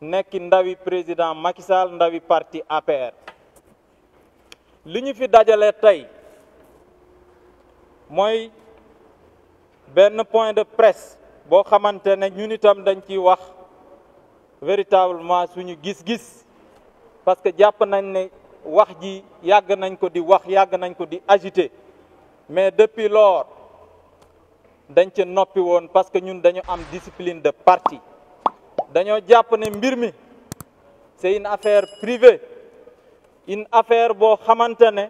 nekk ndawi président Macky Sall ndawi parti APR li ñu fi dajale tey mooy benn point de presse boo xamante ne ñun itam dañ ciy wax véritablement suñu gis-gis parce que jàpp nañ ne wax ji yàgg nañ ko di wax yàgg nañ ko di agité mais depuis lors dañ ca noppi woon parce que ñun dañu am discipline de partie dañoo jàpp ne mbir mi c'est une affaire privée une affaire boo xamante ne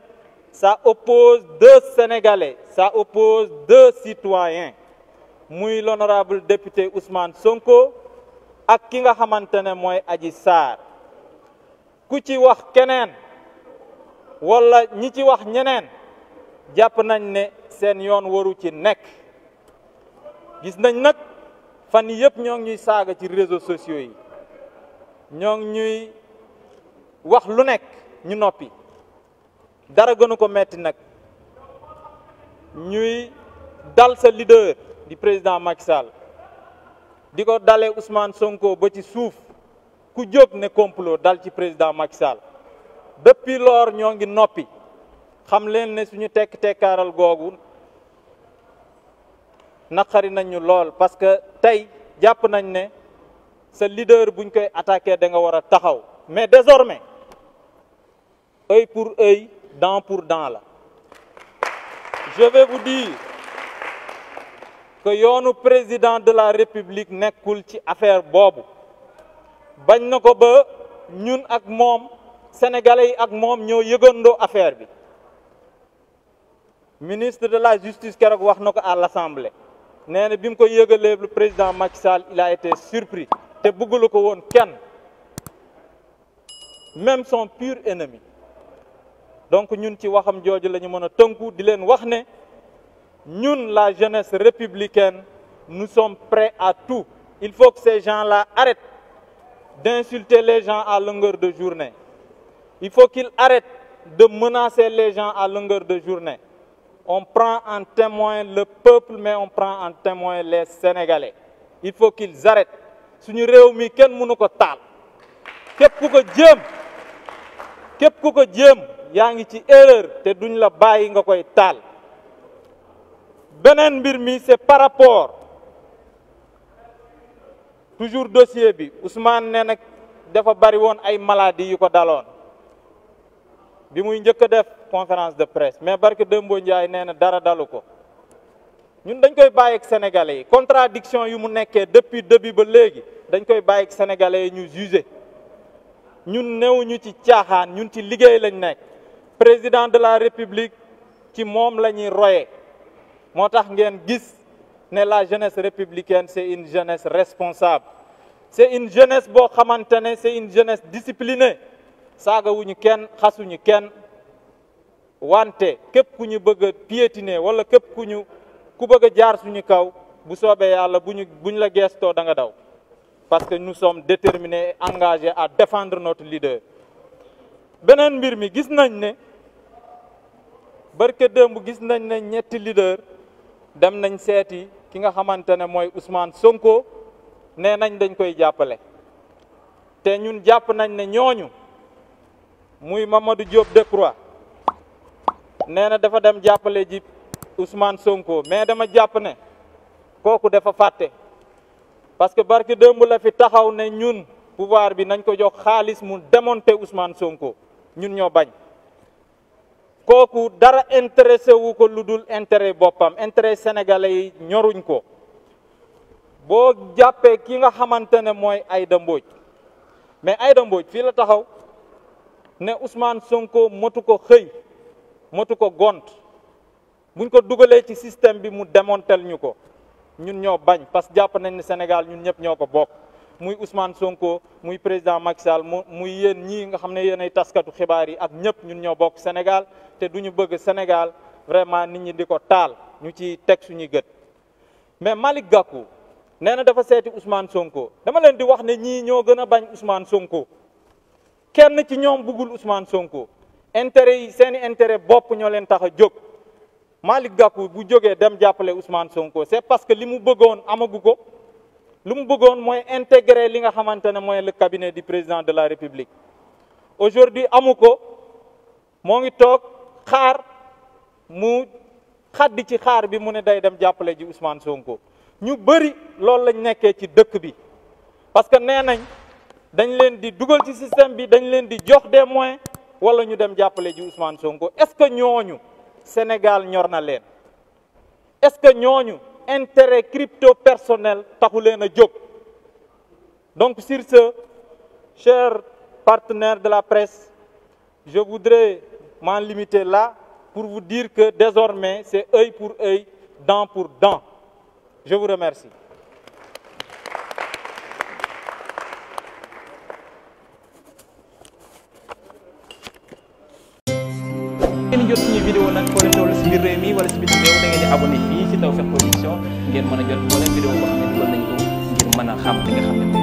ça oppose deux Sénégalais ça oppose deux citoyens muy l'honorable député Ousmane Sonko ak ki nga xamante ne mooy Adji Sarr ku ci wax keneen wala ñi ci wax ñeneen jàpp nañ ne seen yoon waru ci nekk gis nañ nag fan yi yëpp ñoo ngi ñuy saaga ci réseau sociaux yi ñoo ngi ñuy wax lu nekk ñu noppi dara gënu ko metti nag ñuy dal sa leader di président Macky di ko dale Ousmane Sonko ba ci suuf ku jóg ne complot dal ci président Macky Sall depuis ñoo ngi noppi xam leen ne suñu tekk tekkaaral googu naqari nañu lool parce que tey jàpp nañ ne sa leader buñ koy attaqué da nga war a taxaw mais désormais œil pour œil dent pour dans la je vais vous dire que yoonu président de la république nekkul ci affaire boobu bañ na ko ba ñun ak moom sénégalais yi ak moom ñoo yëgandoo affaire bi ministre de la justice keroog wax na ko à l'assemblée nee na bi mu ko yëgalee le président Macky Sall il a été surpris te bëggulu ko woon kenn même son pur ennemi donc ñun ci waxam jooju la ñu mën a tënku di leen wax ne ñun la jeunesse républicaine nous sommes prêts à tout il faut que ces gens-là arrêtent d'insulter les gens à longueur de journée il faut qu'ils arrêtent de menacer les gens à longueur de journée on prend en témoin le peuple mais on prend en témoin les Sénégalais il faut qu'ils arrêtent suñu réew mi kenn mënu ko taal képp ku ko jéem képp ku ko jéem yaa ngi ci erreur te duñ la bàyyi nga koy taal beneen mbir mi c'est par rapport toujours dossier bi Ousmane nee na dafa bari woon ay maladies yu ko daloon bi muy njëkk a def conférence de presse mais barke Dembo Ndiaye nee na dara dalu ko ñun dañ koy bàyyi ak sénégalais yi contradiction yu mu nekkee depuis début ba léegi dañ koy bàyyi ak sénégalais yi ñu jugé ñun newuñu ci caaxaan ñun ci liggéey lañ nekk président de la république ci moom la ñuy roye moo tax ngeen gis ne la jeunesse républicaine c'est une jeunesse responsable c'est une jeunesse boo xamante ne c'est une jeunesse disciplinée saagawuñu kenn xasuñu kenn wante képp ku ñu bëgg a piétiner wala képp ku ñu ku bëgg a jaar suñu kaw bu soobee yàlla bu ñu bu ñu la geestoo da nga daw parce que nous sommes déterminés et à défendre notre leader. beneen mbir mi gis nañ ne barke démb gis nañ ne ñetti leader dem nañ seeti ki nga xamante ne mooy Ousmane Sonko nee nañ dañ koy jàppale te ñun jàpp nañ ne ñooñu. muy Mamadou Diop Decroix nee na dafa dem jàppale ji Ousmane Sonko mais dama jàpp ne kooku dafa fàtte parce que barki démb la fi taxaw ne ñun pouvoir bi nañ ko jox xaalis mu démonter Ousmane Sonko ñun ñoo bañ kooku dara intéressé wu ko lu dul intérêt boppam intérêt sénégalais yi ñoruñ ko boo jàppee ki nga xamante ne mooy Aïda Mbodj mais Aïda Mbodj fii la taxaw ne Ousmane Sonko motu ko xëy motu ko gont buñ ko dugalee ci système bi mu démontel ñu ko ñun ñoo bañ parce que jàpp nañ ne Sénégal ñun ñëpp ñoo ko bokk muy Ousmane Sonko muy président Macky Sall mu muy yéen ñii nga xam ne yéen ay taskatu xibaar yi ak ñëpp ñun ñoo bokk Sénégal te du ñu bëgg Sénégal vraiment nit ñi di ko taal ñu ci teg suñuy gët mais Malick Gakou nee na dafa seeti usmaan Sonko dama leen di wax ne ñii ñoo gën a bañ Ousmane Sonko. kenn ci ñoom bëggul Ousmane Sonko intérêt yi seeni intérêt bopp ñoo leen tax a jóg Malick Gakou bu jógee dem jàppale Ousmane Sonko c'est parce que li mu bëggoon amagu ko li mu bëggoon mooy intégrer li nga xamante ne mooy le cabinet di président de la République aujourd'hui amu ko moo ngi toog xaar mu xaddi ci xaar bi mu ne day dem jàppale ji Ousmane Sonko ñu bëri loolu lañ nekkee ci dëkk bi parce que nee nañ dañ leen di dugal ci système bi dañ leen di jox des moyens wala ñu dem jàppale ji Ousmane Sonko est-ce que ñooñu Sénégal ñor na leen est-ce que ñooñu intérêt crypto personnel taxu leen a jóg donc sur ce chers partenaires de la presse je voudrais m'en limiter là pour vous dire que désormais c'est œil pour œil, dent pour dent. Je vous remercie. ngeen jot suñu vidéo nag foo leen toll si biir réew mi wala si biir réew da ngeen di abonné fii si a jot moo leen vidéo boo xam ne dugal nañ ko ngir mën a xam li nga xam ne